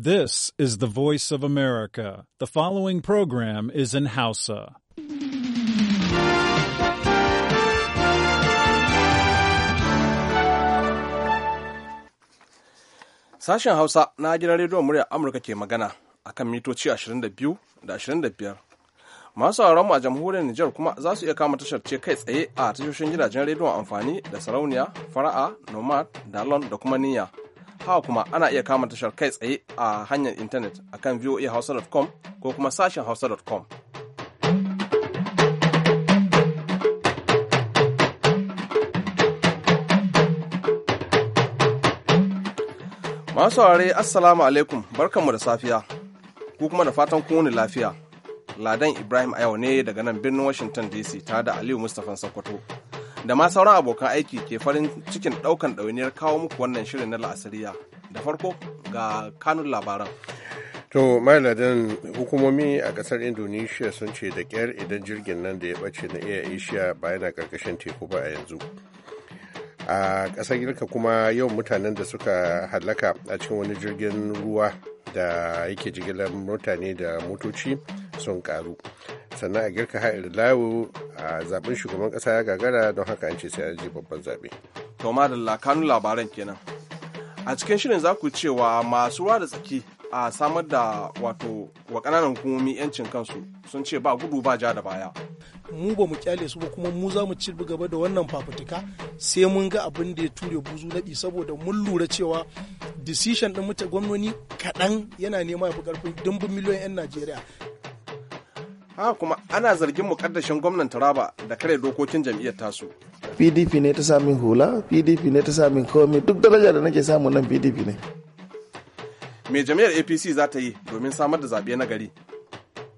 This is the voice of America. The following program is in Hausa. Sashen Hausa na gidan rediyon muryar Amurka ke magana a kan mitoci 22 da 25. Masu mu a jamhuriyar Nijar kuma za su iya kama tashar ce kai tsaye a tashoshin gidajen rediyon amfani da sarauniya, fara'a, nomad, dalon da kuma niyya. Hawa kuma ana iya kama tashar kai tsaye a hanyar intanet a kan voahausa.com ko kuma sashen hausa.com. Masu saurare Assalamu alaikum barkanmu da safiya, ku kuma da fatan wani lafiya. Ladan Ibrahim a ne daga nan birnin Washington DC ta da Aliyu Mustapha Sokoto. da ma sauran abokan aiki ke farin cikin ɗaukan ɗauniyar kawo muku wannan shirin na la'asariya da farko ga kanun labaran to ma'iladin hukumomi a ƙasar indonesia sun ce da kyar idan jirgin nan da ya ɓace na iya asia ba yana ƙarƙashin teku ba a yanzu a ƙasar girka kuma yawan mutanen da suka halaka a cikin wani jirgin ruwa da yake jigilar mutane da motoci sun ƙaru. sannan a girka ha'ir lawo a zaben shugaban kasa ya gagara don haka an ce sai an ji babban zaɓe. to madalla kanun labaran kenan a cikin shirin za ku cewa masu ruwa da tsaki a samar da wato wa ƙananan hukumomi 'yancin kansu sun ce ba gudu ba ja da baya mu ba mu kyale su ba kuma mu za mu ci gaba da wannan fafutuka sai mun ga abin da ya ture buzu naɗi saboda mun lura cewa decision ɗin mutu gwamnoni kaɗan yana nema ya fi ƙarfin dimbin miliyoyin 'yan najeriya haka kuma ana zargin mukaddashin gwamnan taraba da kare dokokin jam'iyyar tasu pdp ne ta samun hula pdp ne ta samun komai duk daraja da nake samun nan pdp ne me jami'ar apc za ta yi domin samar da zaɓe na gari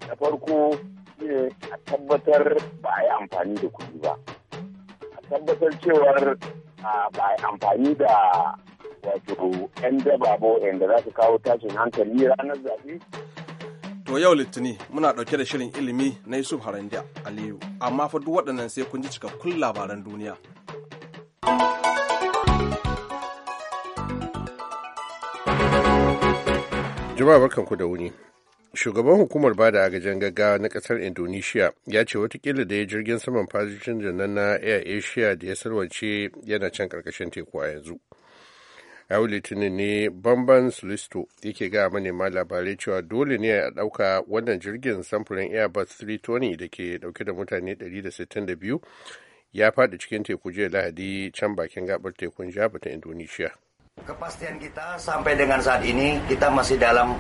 da farko ne a tabbatar ba a yi amfani da kuɗi ba a tabbatar cewar ba a yi amfani da wato 'yan daba ba za su kawo tashin hankali ranar zaɓe To yau Litinin muna ɗauke da shirin ilimi na Yusuf harandi Aliyu, amma fa duk waɗannan sai kun ji cikakkun labaran duniya. Jama'a barkanku da wuni. Shugaban hukumar bada agajin gaggawa na ƙasar Indonesia ya ce watakila da ya jirgin saman fasinjan nan na Air Asia da ya sarwace yana can ƙarƙashin teku a yanzu. yau litinin ne bamban listo yake ga manema labarai cewa dole ne a ɗauka wannan jirgin samfurin airbus 320 da ke ɗauke da mutane 162 ya faɗi cikin teku jiya lahadi can bakin gabar tekun java ta indonesia kepastian kita sampai dengan saat ini kita masih dalam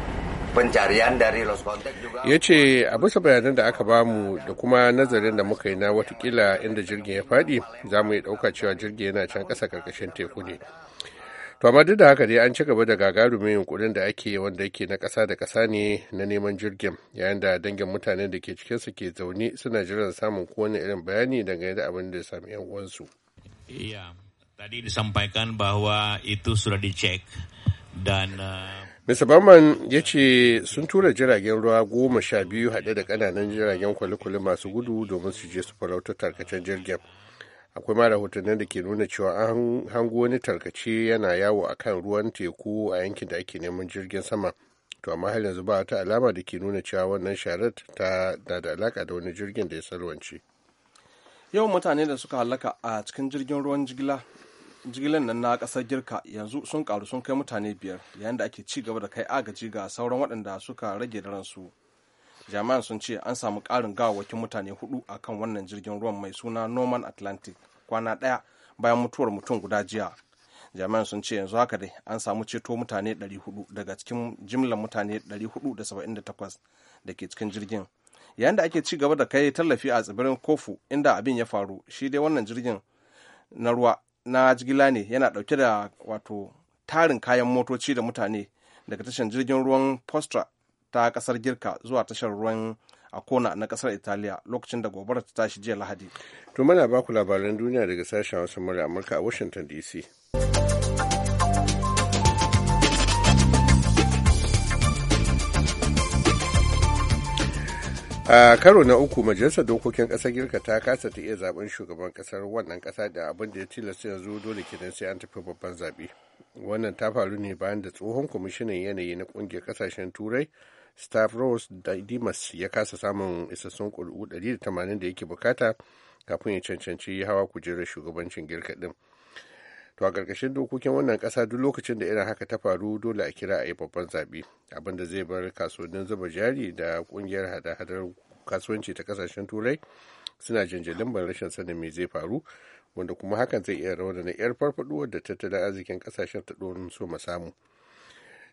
pencarian dari Los Contact juga. Ya ce a bisa bayanan da aka bamu da kuma nazarin da muka yi na watakila inda jirgin ya faɗi za mu yi ɗauka cewa jirgin yana can ƙasa ƙarƙashin teku ne. To amma duk da haka dai an ci gaba da gagarumin yunkurin da ake wanda yake na kasa da kasa ne na neman jirgin yayin da dangin mutanen da ke cikinsu ke zaune suna jiran samun kowane irin bayani dangane da abin da ya sami 'yan uwansu. Iya, tadi disampaikan bahwa itu sudah dicek dan eh, Mr. Bauman ya ce sun tura jiragen ruwa goma sha biyu haɗe da ƙananan jiragen kwale-kwale masu gudu domin su je su farauta tarkacen jirgin. akwai ma rahotannin da ke nuna cewa an hango wani tarkace yana yawo a kan ruwan teku a yankin da ake neman jirgin sama to amma har yanzu ba ta alama da ke nuna cewa wannan sharar ta na da alaka da wani jirgin da ya salwance yawan mutane da suka halaka a cikin jirgin ruwan jigila jigilan nan na kasar girka yanzu sun karu sun kai mutane biyar yayin da ake ci gaba da kai agaji ga sauran waɗanda suka rage da ransu jami'an sun ce an samu ƙarin gawawwakin mutane hudu a kan wannan jirgin ruwan mai suna norman atlantic kwana ɗaya bayan mutuwar mutum guda jiya jami'an sun ce yanzu haka dai an samu ceto mutane 400 daga cikin jimlar mutane 478 da ke cikin jirgin yayin da ake ci gaba da kai tallafi a tsibirin kofu inda abin ya faru shi dai wannan jirgin na ruwa na jigila ne yana dauke da wato tarin kayan motoci da mutane daga tashar jirgin ruwan postra ta kasar girka zuwa tashar ruwan akona na kasar italiya lokacin da gobara ta tashi jiya lahadi to mana ba ku labaran duniya daga sashen wasu murya amurka a washington dc a karo na uku majalisar dokokin kasar girka ta kasa ta iya zaben shugaban kasar wannan kasa da abin da ya tilasta yanzu dole kenan sai an tafi babban zabe wannan ta faru ne bayan da tsohon kwamishinan yanayi na kungiyar kasashen turai stavros dimas ya kasa samun isassun ƙuri'u 180 da yake bukata kafin ya cancanci hawa kujerar shugabancin girka din to a ƙarƙashin dokokin wannan ƙasa duk lokacin da irin haka ta faru dole a kira a yi babban zaɓe abin da zai bar kasuwannin zuba jari da ƙungiyar hada-hadar kasuwanci ta ƙasashen turai suna janjalin ban rashin sanin me zai faru wanda kuma hakan zai iya raunana 'yar farfaɗuwar da tattalin arzikin ƙasashen ta ɗorin so samu.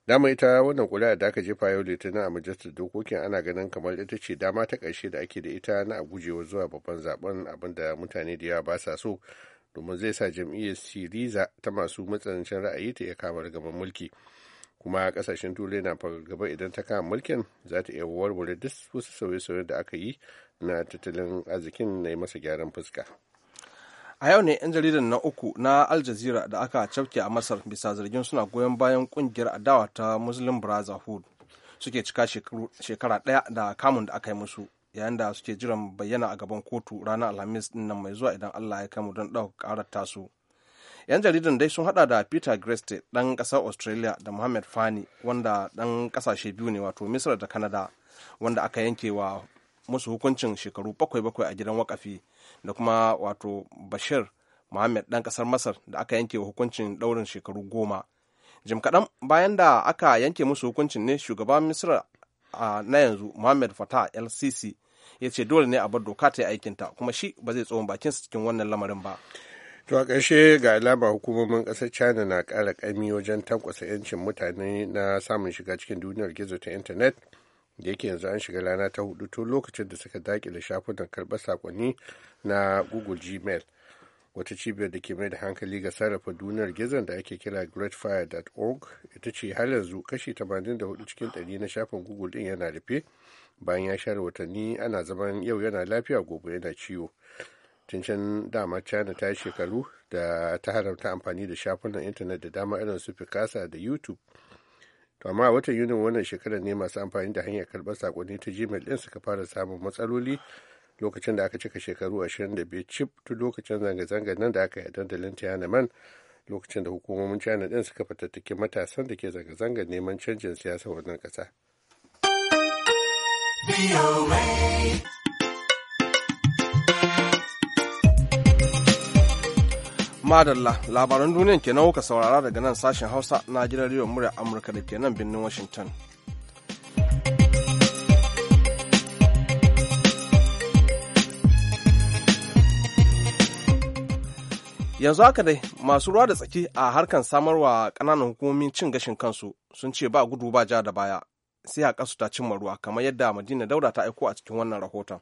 dama ita wannan kula da aka jefa yau litinin a majalisar dokokin ana ganin kamar ita ce dama ta ƙarshe da ake da ita na a gujewa zuwa babban zaben abin da mutane da yawa ba sa so domin zai sa jam'iyyar siriza ta masu matsanancin ra'ayi ta iya kama gaban mulki kuma kasashen turai na fargaba idan ta kama mulkin za ta iya warware duk wasu sauye-sauye da aka yi na tattalin arzikin na yi masa gyaran fuska. a yau ne 'yan jaridan na uku na al jazeera da aka cafke a masar bisa zargin suna goyon bayan kungiyar adawa ta muslim brotherhood suke cika shekara daya da kamun da aka yi musu yayin da suke jiran bayyana a gaban kotu ranar alhamis din nan mai zuwa idan allah ya kama don ɗaukar karar tasu yan jaridan dai sun hada da peter greste dan kasar australia da mohamed fani wanda dan kasashe biyu ne wato misra da canada wanda aka yanke wa musu hukuncin shekaru bakwai bakwai a gidan wakafi da kuma wato bashir muhammad dan ƙasar masar da aka yanke hukuncin daurin shekaru goma jim kaɗan bayan da aka yanke musu hukuncin ne shugaban misra na yanzu muhammad fata lcc ya ce dole ne a bar doka ta yi aikinta kuma shi ba zai tsohon bakinsa cikin wannan lamarin ba to a ƙarshe ga alama hukumomin ƙasar china na ƙara ƙami wajen tankwasa 'yancin mutane na samun shiga cikin duniyar gizo ta intanet da yake yanzu an shiga rana ta hudu tun lokacin da suka dakile shafunan karɓar sakonni na google gmail wata cibiyar da ke mai da hankali ga sarrafa duniyar gizon da ake kira greatfire.org ita ce har yanzu kashi 84 cikin 100 na shafin google din yana rufe bayan ya share watanni ana zaman yau yana lafiya gobe yana ciwo tun can dama china ta yi shekaru da ta haramta amfani da shafunan intanet da dama irin su picasa da youtube to amma a watan yunin wannan shekarar ne masu amfani da hanyar karɓar sakonni ta gmail ɗin suka fara samun matsaloli lokacin da aka cika shekaru 25 cif tun lokacin zanga zanga nan da aka yi dandalin tiananmen lokacin da hukumomin china ɗin suka fatattaki matasan da ke zanga zanga neman canjin siyasa wannan kasa. madalla labaran duniyan kenan kuka saurara daga nan sashen hausa na gidan rediyon murya amurka da ke nan birnin washington yanzu haka dai masu ruwa da tsaki a harkar samarwa kananan hukumomin cin gashin kansu sun ce ba gudu ba ja da baya sai a ta cimma ruwa kamar yadda madina daura ta aiko a cikin wannan rahoton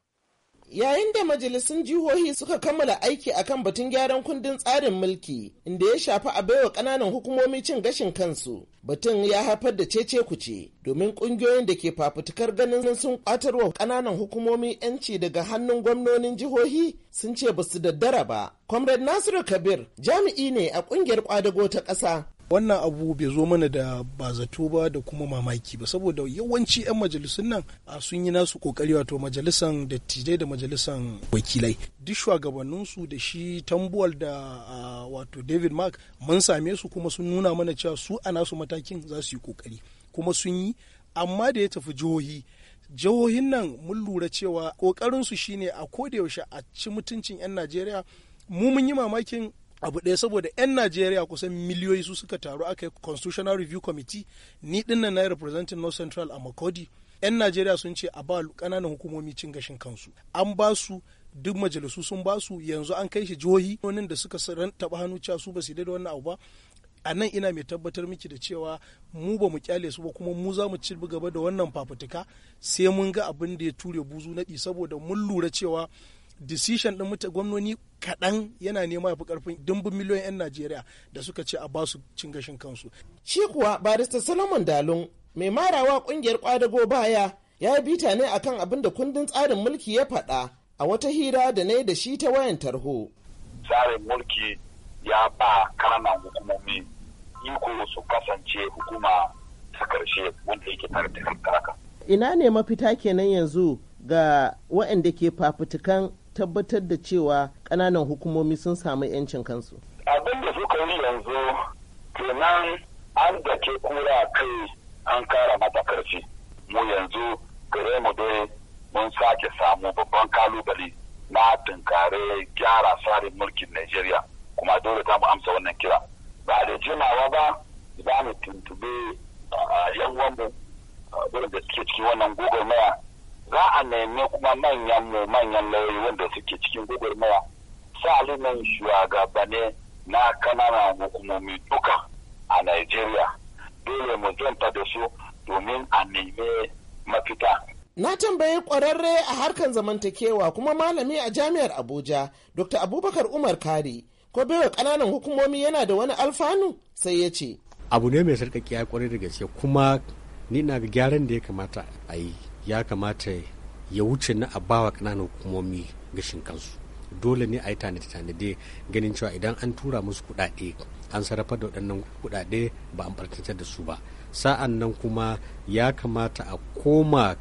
yayin da majalisun jihohi suka kammala aiki a kan batun gyaran kundin tsarin mulki inda ya shafi a baiwa ƙananan hukumomi cin gashin kansu batun ya haifar da cece kuce domin ƙungiyoyin da ke fafutukar ganin sun kwatarwa ƙananan hukumomi yanci daga hannun gwamnonin jihohi sun ce ba su daddara ba comrade nasiru kabir jami'i ne a ƙungiyar kwadago ta ƙasa wannan abu bai zo mana da ba zato ba da kuma mamaki ba saboda yawanci 'yan majalisun nan A sun yi nasu kokari wato majalisan dattijai da majalisan wakilai duk shugabanninsu da shi tambuwal da wato david mark mun same su kuma sun nuna mana cewa su a nasu matakin za su yi kokari kuma sun yi amma da ya tafi jihohi jihohin nan mun lura cewa kokarinsu shine a ko da yaushe a ci mutuncin 'yan najeriya mu mun yi mamakin abu ɗaya saboda 'yan najeriya kusan miliyoyi su suka taru aka yi constitutional review committee ni nan na representing north central a makodi 'yan najeriya sun ce a ba ƙananan hukumomi cin gashin kansu an ba su duk majalisu sun ba su yanzu an kai shi jihohi wannan da suka taɓa hannu cewa su ba su da wannan abu ba a nan ina mai tabbatar miki da cewa mu ba mu kyale su ba kuma mu za mu ci gaba da wannan fafutuka sai mun ga abin da ya ture buzu naɗi saboda mun lura cewa decision din mutane gwamnoni kaɗan yana nema ya fi ƙarfin dimbin miliyoyin 'yan najeriya da suka ce a basu cin gashin kansu shi kuwa barista solomon dalun mai marawa ƙungiyar kwadago baya ya yi bita ne akan abin da kundin tsarin mulki ya faɗa a wata hira da na da shi ta wayan tarho tsarin mulki ya ba kananan hukumomi iko su kasance hukuma ta karshe wanda yake tare da ina ne mafita kenan yanzu ga waɗanda ke fafutukan tabbatar da cewa ƙananan hukumomi sun samu 'yancin kansu? Abin da suka yi yanzu kenan an da ke kura kai an kara mata karfi. Mu yanzu gare mu dai mun sake samu babban kalubale na tunkare gyara tsarin mulkin Najeriya kuma dole ta mu amsa wannan kira. Ba da jimawa ba za mu tuntube yan wanmu wurin da suke cikin wannan maya za a nemi kuma manyan mu manyan lauyoyi wanda suke cikin sa salimin shugabane na kanana hukumomi duka a Najeriya dole mu zanta da su domin a nemi mafita. Na tambayi kwararre a harkan zamantakewa kuma malami a jami'ar Abuja, Dr. Abubakar Umar Kari, ko baiwa kananan hukumomi yana da wani alfanu sai ya ce. Abu ne mai sarƙaƙiya kwarai da gaske kuma ni na ga gyaran da ya kamata a yi ya kamata ya wuce na a bawa ƙananan hukumomi gashin kansu dole ne a yi tanade-tanade ganin cewa idan an tura musu kuɗaɗe an sarrafa da waɗannan kuɗaɗe ba an ɓarkatar da su ba sa'an nan kuma ya kamata a koma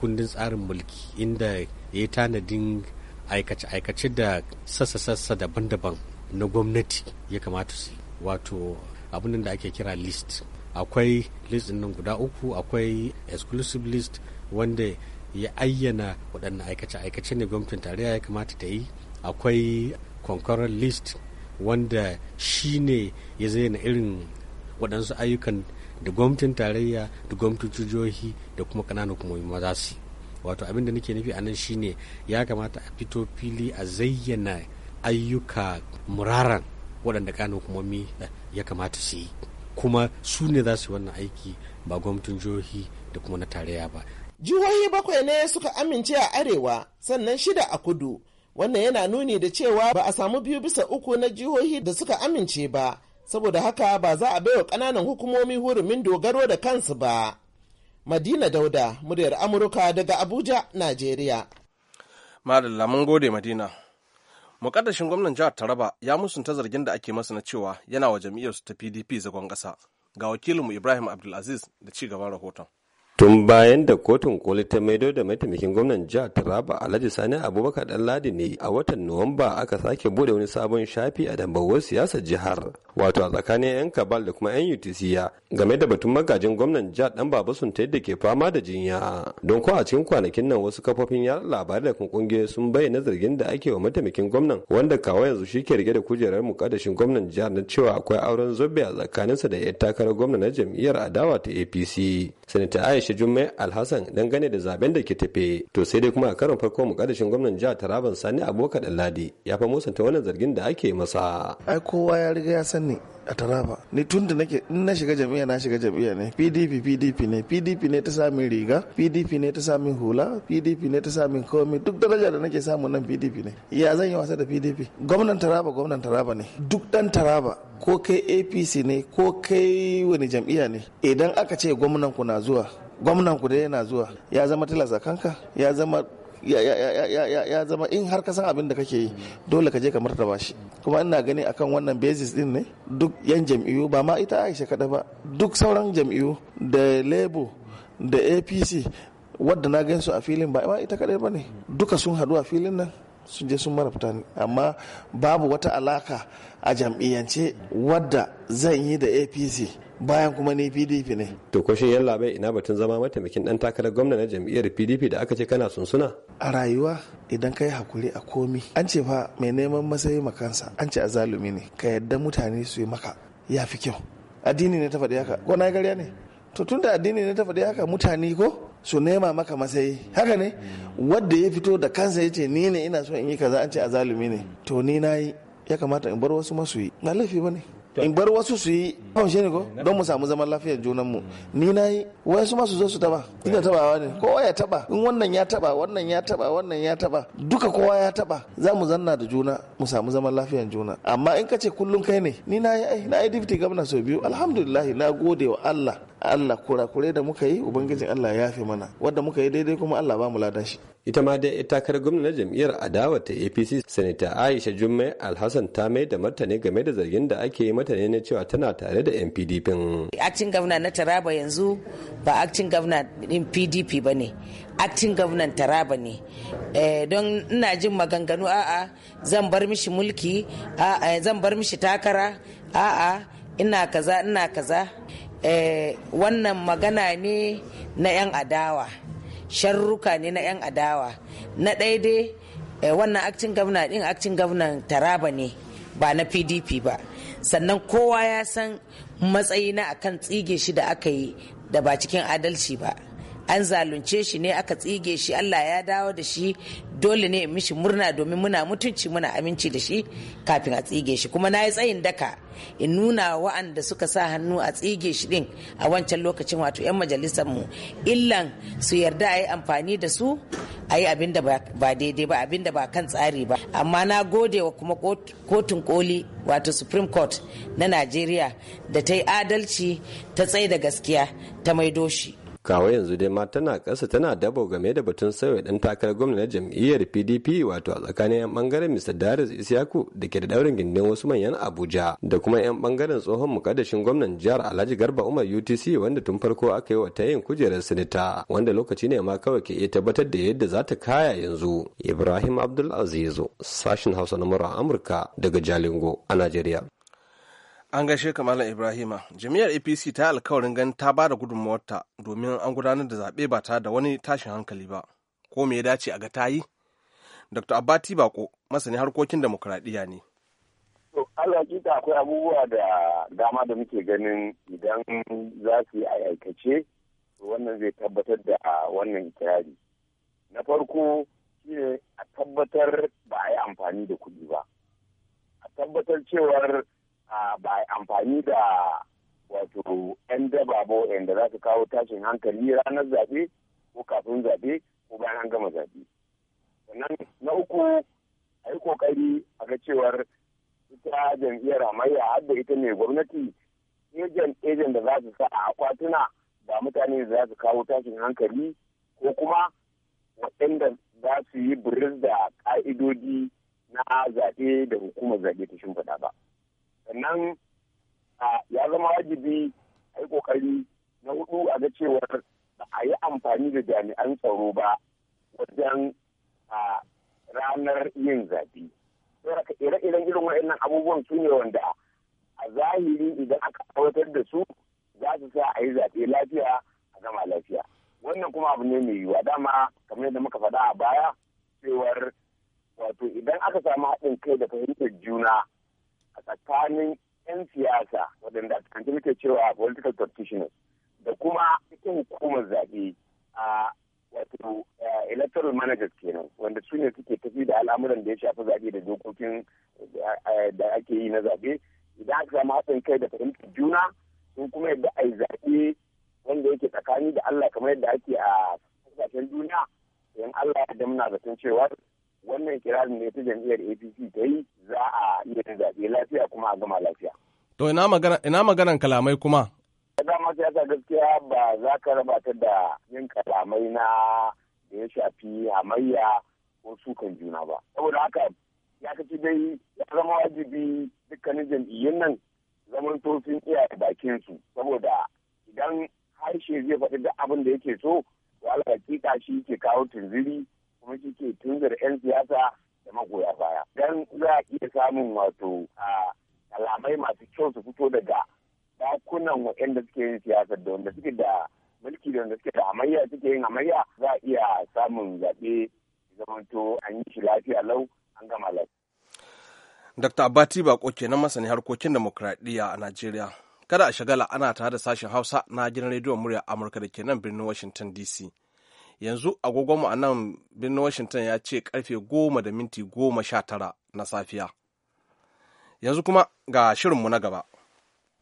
kundin tsarin mulki inda ya yi tanadin aikace-aikace da sassa-sassa daban-daban na gwamnati ya kamata su wato abin da ake kira list akwai list nan guda uku akwai exclusive list wanda ya ayyana waɗannan aikace-aikace ne gwamnatin tarayya ya kamata ta yi akwai concurrent list wanda shi ne ya zayyana irin waɗansu ayyukan da gwamnatin tarayya da gwamnatin jihohi da kuma ƙananan hukumomi ma za su wato abin da nake nufi a nan shine ya kamata a fito fili a zayyana ayyuka muraran waɗanda ƙananan hukumomi ya kamata su yi kuma su ne za su wannan aiki ba gwamnatin jihohi da kuma na tarayya ba jihohi bakwai ne suka amince a arewa sannan shida a kudu wannan yana nuni da cewa ba a samu biyu bisa uku na jihohi da suka amince ba saboda haka ba za a baiwa ƙananan hukumomi hurumin dogaro da kansu ba madina dauda muryar amurka daga abuja najeriya madalla mun gode madina mukaddashin gwamnan jihar taraba ya musunta zargin da ake masa na cewa yana wa jam'iyyarsu ta pdp zagon ƙasa ga wakilinmu ibrahim abdulaziz da ci gaban rahoton tun bayan da kotun koli ta maido da mataimakin gwamnan jihar taraba alhaji sani abubakar dan ladi ne a watan nuwamba aka sake bude wani sabon shafi a dambawar siyasar jihar wato a tsakanin yan kabal da kuma yan utc game da batun magajin gwamnan jihar dan baba sun ta yadda ke fama da jinya don ko a cikin kwanakin nan wasu kafofin yaɗa labarai da kuma kungiyoyi sun bayyana zargin da ake wa mataimakin gwamnan wanda kawo yanzu shi ke rike da kujerar mu mukaddashin gwamnan jihar na cewa akwai auren zobe a tsakaninsa da yan takarar gwamna na jam'iyyar adawa ta apc sanata aisha shi jummai alhassan dangane da zaben da ke tafe to sai dai kuma a karon farko kadashin gwamnan jihar taraban sani abubakar dalladi ya fa musanta wannan zargin da ake masa ai kowa ya riga ya sani a taraba ni tun da nake in na shiga jami'a na shiga jami'a ne pdp pdp ne pdp ne ta samin riga pdp ne ta samin hula pdp ne ta samin komai duk daraja da nake samu nan pdp ne ya zan yi wasa da pdp gwamnan taraba gwamnan taraba ne duk dan taraba ko kai apc ne ko kai wani jam'iyya ne idan aka ce gwamnanku na zuwa gwamnanku da yana zuwa ya zama tilasa kanka ya zama ya zama in har ka san abin da kake yi dole ka je ka martaba shi kuma ina gani akan wannan basis din ne duk yan jam'iyyu ba ma ita aisha kada ba duk sauran jam'iyyu da labo da apc wadda na gan su a filin ba ita kadai ba ne duka sun haɗu a filin nan sun je sun mara fita amma babu wata alaka a jam'iyyance wadda zan yi da apc bayan kuma ni pdp ne to ko shin yalla bai ina batun zama mataimakin dan takarar gwamna na jam'iyyar pdp da aka ce kana sunsuna a rayuwa idan ka hakuri a komi an ce fa mai neman masayi makansa an ce azalumi ne ka yadda mutane su yi maka ya fi kyau addini ne ta faɗi haka ko na gariya ne to tunda addini ne ta faɗi haka mutane ko su nema maka matsayi, haka ne wadda ya fito da kansa ya ce ni ne ina so in yi kaza an ce a zalumi ne to ni na yi ya kamata in bar wasu masu yi na laifi ba ne in bar wasu su yi kawance ne ko don mu samu zaman lafiyar mu, ni na yi wasu masu zo su taba ina tabawa ne kowa ya taba in wannan ya taba wannan ya taba wannan ya taba duka kowa ya taba za mu zanna da juna mu samu zaman lafiyar juna amma in ka ce kullum kai ne ni na yi ai na yi dipti gabna sau biyu alhamdulillah na gode wa Allah Allah kure da muka yi ubangijin Allah ya fi mana wadda muka yi daidai kuma Allah ba mu ladan shi ita ma dai takarar gwamna na jam'iyyar adawa ta APC sanita Aisha Jummai Alhassan ta mai da martani game da zargin da ake yi mata ne na cewa tana tare da npdp. acting governor na Taraba yanzu ba acting governor din PDP bane acting governor Taraba ne eh, don ina jin maganganu a'a zan bar mishi mulki a'a zan bar mishi takara a'a ina kaza ina kaza Eh, wannan magana ne na 'yan adawa sharruka ne na 'yan adawa na ɗaya dai eh, wannan acting governor ɗin acting governor taraba ne ba na pdp ba sannan kowa ya san matsayi na akan tsige shi da aka yi da ba cikin adalci ba an zalunce shi ne aka tsige shi Allah ya dawo da shi dole ne in mishi murna domin muna mutunci muna aminci da shi kafin a tsige shi kuma na yi tsayin daka in nuna wa'anda suka sa hannu a tsige shi din a wancan lokacin wato 'yan majalisar mu illan su yarda a yi amfani da su a yi abin da ba daidai ba abin da ba kan tsari ba amma na gode wa kuma kotun koli wato supreme court na najeriya da ta yi adalci ta tsaye da gaskiya ta maido shi kawo yanzu dai ma tana ƙasa tana dabo game da batun sauya ɗan takarar gwamna na jam'iyyar pdp wato a tsakanin 'yan bangaren mr daris isyaku da ke da ɗaurin gindin wasu manyan abuja da kuma 'yan ɓangaren tsohon mukaddashin gwamnan jihar alhaji garba umar utc wanda tun farko aka yi wa ta yin kujerar sinita wanda lokaci ne ma kawai ke iya tabbatar da yadda za ta kaya yanzu ibrahim abdul sashen sashin hausa na mura amurka daga jalingo a najeriya An gaishe ka Malam Ibrahima. Jami'ar APC ta yi alkawarin ganin ta ba da gudunmawarta domin an gudanar da zaɓe ba ta da wani tashin hankali ba. Ko me ya dace a ga ta yi? Dr. abati Bako, masani harkokin demokuraɗiyya ne. Allah hakika akwai abubuwa da dama da muke ganin idan za su yi a aikace wannan zai tabbatar da wannan kirari. Na farko shi ne a tabbatar ba a yi amfani da kuɗi ba. A tabbatar cewar ba amfani da wato 'yan daba ba za su kawo tashin hankali ranar zaɓe ko kafin zaɓe ko bayan an gama zaɓe. Sannan na uku a yi ƙoƙari a ga cewar ita jam'iyyar hamayya har da ita ne gwamnati ejen ejen da za su sa a akwatuna ba mutane da za su kawo tashin hankali ko kuma waɗanda za su yi biris da ƙa'idodi na zaɓe da hukumar zaɓe ta shimfiɗa ba. sannan ya zama wajibi a yi kokari na hudu a ga cewar ba a yi amfani da jami'an tsaro ba wajen ranar yin zaɓe. Saboda ire-iren irin waɗannan abubuwan su ne wanda a zahiri idan aka aiwatar da su za su sa a yi zaɓe lafiya a gama lafiya. Wannan kuma abu ne mai yiwuwa dama kamar yadda muka faɗa a baya cewar wato idan aka samu haɗin kai da fahimtar juna a tsakanin 'yan siyasa waɗanda kanti muke cewa political practitioners da kuma ita hukumar zaɓe a wato electoral managers kenan wanda su ne suke tafi da al'amuran da ya shafi zaɓe da dokokin da ake yi na zaɓe idan aka samu haɗin kai da fahimtar juna sun kuma yadda a yi zaɓe wanda yake tsakani da Allah kamar yadda ake a kasashen duniya yan Allah ya damna zaton cewa wannan kirarin ne ta jam'iyyar apc ta yi za a iya zaɓe lafiya kuma a gama lafiya to ina maganan kalamai kuma dama siyasa gaskiya ba za ka raba ta da yin kalamai na da ya shafi hamayya ko sukan juna ba saboda haka ya kaci dai ya zama wajibi dukkanin jam'iyyun nan zaman to sun iya bakin su saboda idan harshe zai faɗi da abin da yake so to alhaƙiƙa shi ke kawo tunziri kuma kike tunzar 'yan siyasa da magoya baya dan za a iya samun wato alamai masu kyau su fito daga dakunan waɗanda suke yin siyasa da wanda suke da mulki da wanda suke da amayya suke yin amayya za a iya samun zaɓe zamanto an yi shi lafiya lau an gama lafiya. Dr. Abati Bako kenan masani harkokin demokradiyya a Najeriya. Kada a shagala ana tare da sashen Hausa na gidan rediyon murya Amurka da ke nan birnin Washington DC. yanzu agogonmu a nan birnin washington ya ce karfe goma da minti goma sha tara na safiya yanzu kuma ga shirinmu na gaba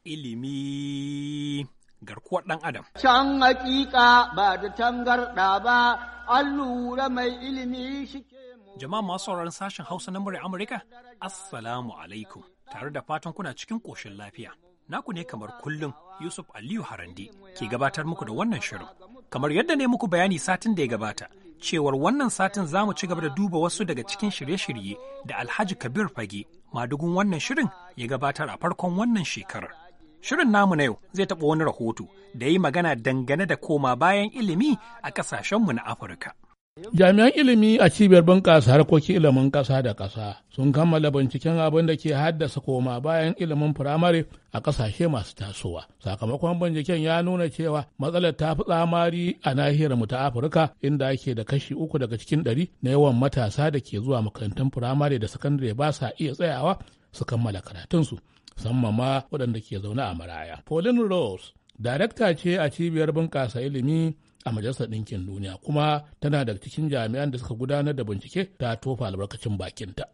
ilimi garkuwar ɗan adam can hakika ba da tangarɗa ba an lura mai ilimi shi jama'a masu sauraron sashen hausa na murya amurka assalamu alaikum tare da fatan kuna cikin koshin lafiya naku ne kamar kullum yusuf aliyu harande ke gabatar muku da wannan shirin kamar yadda ne muku bayani satin da ya gabata cewar wannan satin za mu ci gaba da duba wasu daga cikin shirye-shirye da alhaji kabir fage madugun wannan shirin ya gabatar a farkon wannan shekarar shirin namu na yau zai taɓa wani rahoto da yi magana dangane da koma bayan ilimi a ƙasashenmu na afirka Jami'an ilimi a cibiyar bunƙasa harkokin ilimin ƙasa da ƙasa sun kammala binciken abin da ke haddasa koma bayan ilimin firamare a ƙasashe masu tasowa. Sakamakon binciken ya nuna cewa matsalar ta fi tsamari a nahiyar mu ta Afirka inda ake da kashi uku daga cikin ɗari na yawan matasa da ke zuwa makarantun firamare da sakandare ba sa iya tsayawa su kammala karatunsu. Musamman ma waɗanda ke zaune a maraya. Pauline Rose, darakta ce a cibiyar bunƙasa ilimi a majalisar ɗinkin duniya kuma tana daga cikin jami'an da suka gudanar da bincike ta tofa albarkacin bakinta.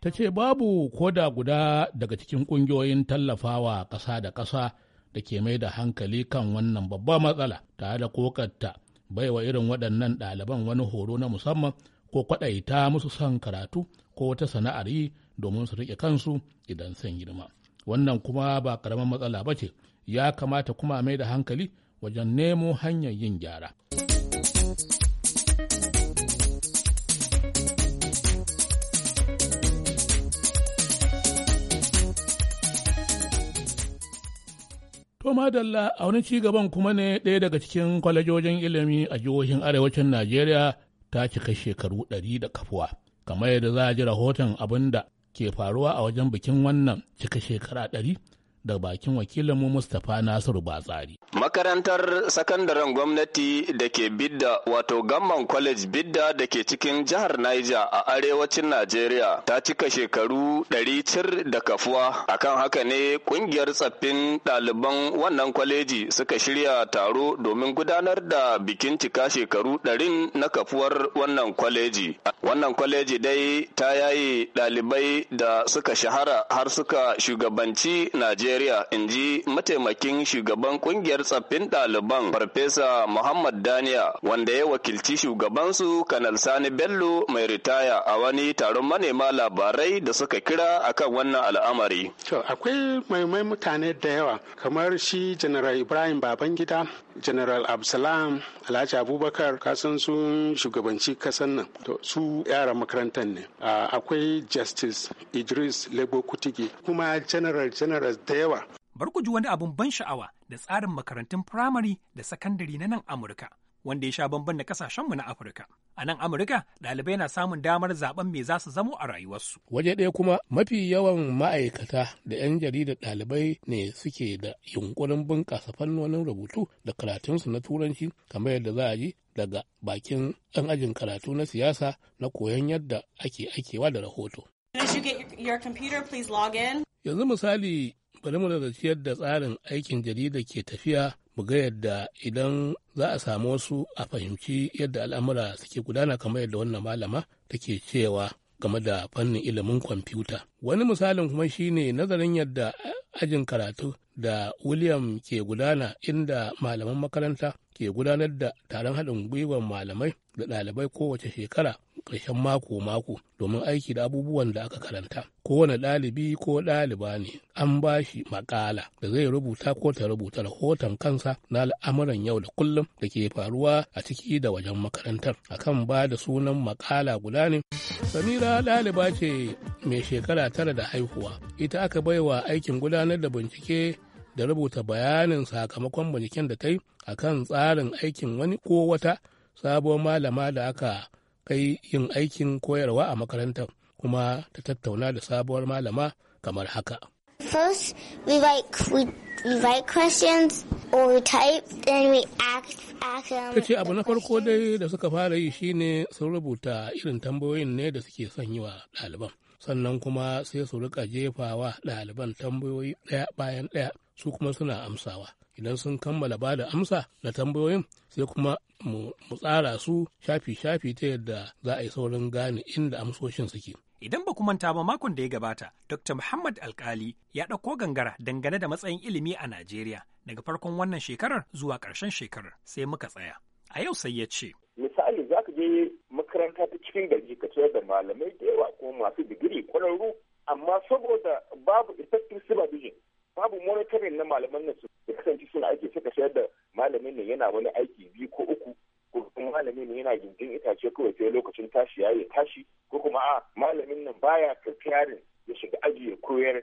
Ta ce babu koda guda daga cikin ƙungiyoyin tallafawa ƙasa da ƙasa da ke mai da hankali kan wannan babbar matsala tare da kokarta baiwa irin waɗannan ɗaliban wani horo na musamman ko kwaɗaita musu son karatu ko wata sana'ar yi domin su riƙe kansu idan sun girma wannan kuma ba ƙaramin matsala ba ce ya kamata kuma mai da hankali wajen nemo hanyar yin gyara. To madalla a wani ci gaban kuma ne ɗaya daga cikin kwalejojin ilimi a jihohin arewacin Najeriya ta cika shekaru ɗari da kafuwa kamar yadda za a ji rahoton abin da ke faruwa a wajen bikin wannan cika shekara ɗari da bakin wakilinmu Mustapha Nasiru Batsari. Makarantar sakandaren gwamnati da ke Bidda wato Gamman College Bidda da ke cikin jihar Niger a arewacin Najeriya ta cika shekaru ɗari cir da kafuwa. Akan haka ne ƙungiyar tsaffin ɗaliban wannan kwaleji suka shirya taro domin gudanar da bikin cika shekaru ɗarin na kafuwar wannan kwaleji. Wannan kwaleji dai ta yaye ɗalibai da suka shahara har suka shugabanci Najeriya. Najeriya, in ji mataimakin shugaban kungiyar tsaffin ɗaliban Farfesa Muhammad Daniya, wanda ya wakilci shugabansu Kanal Sani Bello mai ritaya a wani taron manema labarai da suka kira akan wannan al'amari. akwai maimai mutane da yawa kamar shi janaral Ibrahim Babangida general absalam alhaji abubakar kasan sun shugabanci kasan nan su yaran makarantar ne akwai justice idris lebo kutigi kuma general general da yawa bar ji wani abin ban sha'awa da tsarin makarantun firamare da sakandare na nan amurka wanda ya sha bamban da kasashenmu na Afirka. A nan Amurka, ɗalibai na samun damar zaben me za su zamo a rayuwarsu. Waje ɗaya kuma mafi yawan ma'aikata da 'yan jaridar ɗalibai ne suke da yunkurin bunƙasa fannonin rubutu da karatunsu na turanci kamar yadda za a ji daga bakin 'yan ajin karatu na siyasa na koyon yadda ake aikewa da rahoto. Yanzu misali bari mu da yadda tsarin aikin jarida ke tafiya mu ga yadda idan za a samu wasu a fahimci yadda al'amura suke gudana kamar yadda wannan malama take cewa game da fannin ilimin kwamfuta. Wani misalin kuma shine nazarin yadda ajin karatu da William ke gudana inda malaman makaranta ke gudanar da taron haɗin gwiwar malamai da ɗalibai kowace shekara ƙarshen mako-mako domin aiki da abubuwan da aka karanta. Kowane ɗalibi ko ɗaliba ne an ba shi maƙala. da zai rubuta ko ta rubuta rahoton kansa na al'amuran yau da kullum da ke faruwa a ciki da wajen makarantar. Akan ba da sunan maƙala guda ne. Samira ɗaliba ce mai shekara tara da haihuwa. Ita aka baiwa aikin gudanar da bincike da rubuta bayanin sakamakon binciken da ta yi a kan tsarin aikin wani ko wata sabuwar malama da aka kai yin aikin koyarwa a makarantar kuma ta tattauna da sabuwar malama kamar haka. First, we write, we, we write questions or we type, then we Ta ce abu na farko dai da suka fara yi shine sun rubuta irin tambayoyin ne da suke son yi wa ɗaliban. Sannan kuma sai su rika jefa wa ɗaliban tambayoyi ɗaya bayan ɗaya su kuma suna amsawa idan sun kammala ba da amsa na tambayoyin sai kuma mu tsara su shafi-shafi ta yadda za a yi saurin gane inda amsoshin suke. Idan ba manta ba makon da ya gabata, Dr. Muhammad Alkali ya ɗauko gangara dangane da matsayin ilimi a Najeriya daga farkon wannan shekarar zuwa ƙarshen shekarar sai muka tsaya. A yau sai ya ce. Misali za ka je makaranta ta cikin gari ka da malamai da yawa ko masu digiri kwararru amma saboda babu effective supervision babu monitoring na malaman nan su kasance suna aiki suka shayar da malamin nan yana wani aiki biyu ko uku ko kuma malamin ne yana gindin itace kawai sai lokacin tashi ya yi tashi ko kuma a malamin nan baya kafiyarin ya shiga aji ya koyar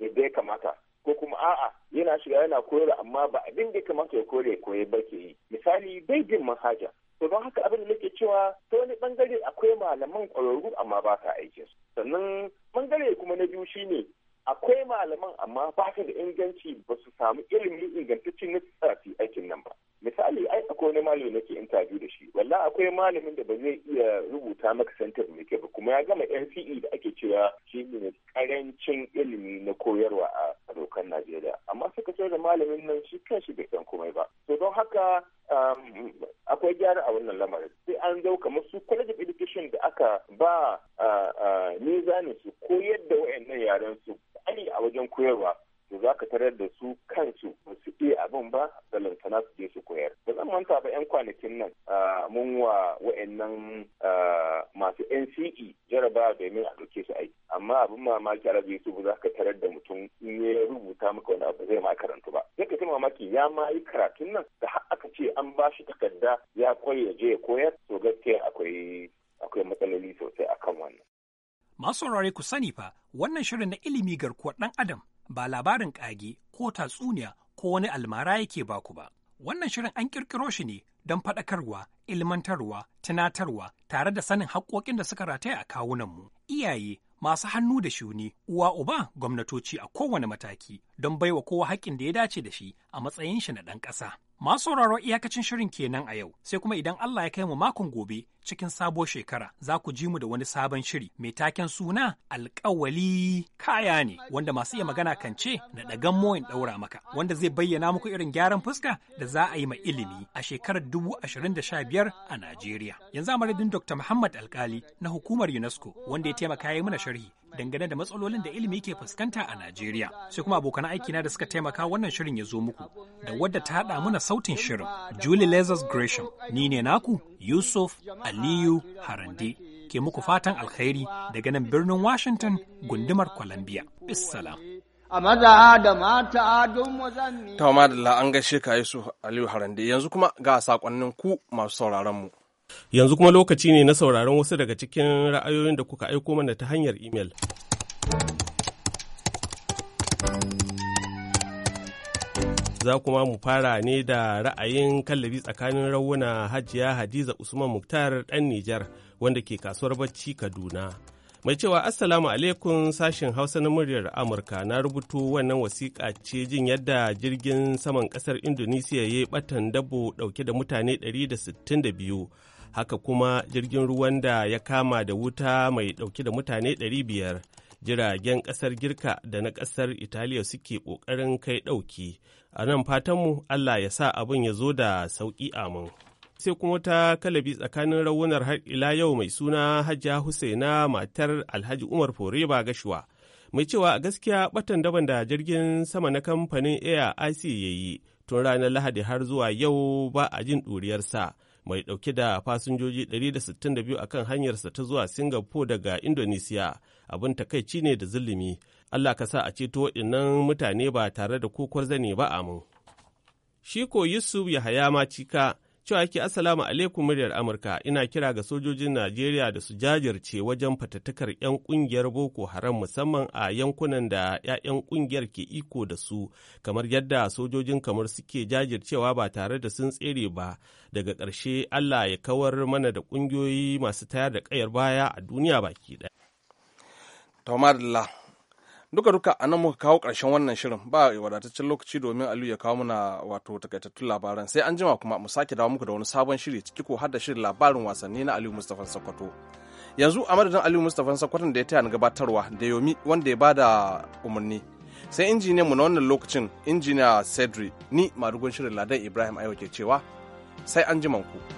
yadda ya kamata ko kuma a'a yana shiga yana koyar amma ba abin da ya kamata ya kore koye ba ke yi misali bai bin manhaja to don haka abin da nake cewa ta wani bangare akwai malaman kwararru amma ba ta aikin sannan bangare kuma na biyu shine akwai malaman amma ba da inganci ba su samu ilimi ingantacce na su aikin nan ba misali ai akwai wani malami nake interview da shi walla akwai malamin da ba zai iya rubuta maka center mai ba kuma ya gama NCE da ake cewa shi ne karancin ilimi na koyarwa a dokar Najeriya amma suka ce da malamin nan shi kanshi bai san komai ba da su kansu ba su iya abin ba da lantana su je su koyar ba zan manta ba yan kwanakin nan mun wa wa'annan masu nce jaraba domin a ɗauke su aiki amma abin mamaki a su ba za ka tarar da mutum in ya rubuta maka wani abu zai ma karanta ba zai ka mamaki ya ma yi karatun nan da har aka ce an ba shi takarda ya koya ya je ya koyar to gaskiya akwai akwai matsaloli sosai akan wannan. Masu saurare ku sani fa wannan shirin na ilimi garkuwar ɗan Adam ba labarin ƙage ko tatsuniya ko wani almara yake baku ba. Wannan shirin an ƙirƙiro shi ne don faɗakarwa, ilmantarwa, tunatarwa tare da sanin haƙƙoƙin da suka rataya a kawunanmu. Iyaye, masu hannu da shuni, uwa uba gwamnatoci a kowane mataki don baiwa kowa haƙƙin da ya dace da shi a matsayin shi na ɗan ƙasa. Masu sauraro iyakacin shirin kenan a yau, sai kuma idan Allah ya kai mu makon gobe cikin sabuwar shekara za ku ji mu da wani sabon shiri mai taken suna alkawali kaya ne wanda masu iya magana kan ce na ɗagan moyin ɗaura maka wanda zai bayyana muku irin gyaran fuska da za a yi ma ilimi a shekarar dubu ashirin da sha biyar a Najeriya. Yanzu a madadin Dr. Muhammad Alkali na hukumar UNESCO wanda ya taimaka ya yi mana sharhi dangane da matsalolin da ilimi ke fuskanta a Najeriya. Sai kuma abokan aikina da suka taimaka wannan shirin ya zo muku da wadda ta haɗa mana sautin shirin Julie Lazarus Gresham. Ni ne naku Yusuf Aliyu Harande. Ke muku fatan alkhairi daga nan birnin Washington gundumar Columbia. Bissalam. a maza da mata don mazan Ta da an gaishe ka Yusuf Aliyu Harande yanzu kuma ga sakonnin ku masu sauraron mu. Yanzu kuma lokaci ne na sauraron wasu daga cikin ra'ayoyin da kuka aiko mana ta hanyar imel. Za kuma mu fara ne da ra'ayin kallabi tsakanin rawuna Hajiya Hadiza Usman Muktar ɗan Nijar wanda ke kasuwar Bacci Kaduna. Mai cewa Assalamu alaikum sashen Hausa na muryar Amurka na rubuto wannan wasiƙa ce jin yadda jirgin saman ƙasar Indonesia ya yi ɓatan dabo ɗauke da mutane 162 haka kuma jirgin ruwan da ya kama da wuta mai ɗauke da mutane 500 jiragen ƙasar girka da na ƙasar italiya suke ƙoƙarin kai ɗauki a nan fatanmu allah ya sa abin ya zo da sauƙi amin sai kuma ta kalabi tsakanin rawunar har ila yau mai suna hajja husaina matar alhaji umar foreba gashuwa mai cewa a gaskiya batan daban da jirgin sama na kamfanin air ic ya yi tun ranar lahadi har zuwa yau ba a jin ɗuriyarsa mai ɗauke da fasinjoji 162 a kan hanyarsa ta zuwa Singapore daga Indonesia abin takaici ne da zulumi. Allah ka sa a ceto waɗannan mutane ba tare da kokon zane ba amin. Shi Yusuf Yahaya ma cika. cewa yake assalamu alaikum muryar amurka ina kira ga sojojin najeriya da su jajirce wajen fatattakar 'yan kungiyar boko haram musamman a yankunan da 'ya'yan kungiyar ke iko da su kamar yadda sojojin kamar suke jajircewa ba tare da sun tsere ba daga ƙarshe allah ya kawar mana da ƙungiyoyi masu tayar da kayar baya a duniya baki ɗaya duka duka a nan muka kawo ƙarshen wannan shirin ba wadataccen lokaci domin aliyu ya kawo muna wato takaitattun labaran sai an jima kuma mu sake dawo muku da wani sabon shiri ciki ko har da shirin labarin wasanni na aliyu mustapha sokoto yanzu a madadin aliyu mustapha sokoto da ya taya ni gabatarwa da yomi wanda ya ba da umarni sai injiniyan mu na wannan lokacin injiniya cedric ni madugun shirin ladan ibrahim ayo ke cewa sai an jima ku.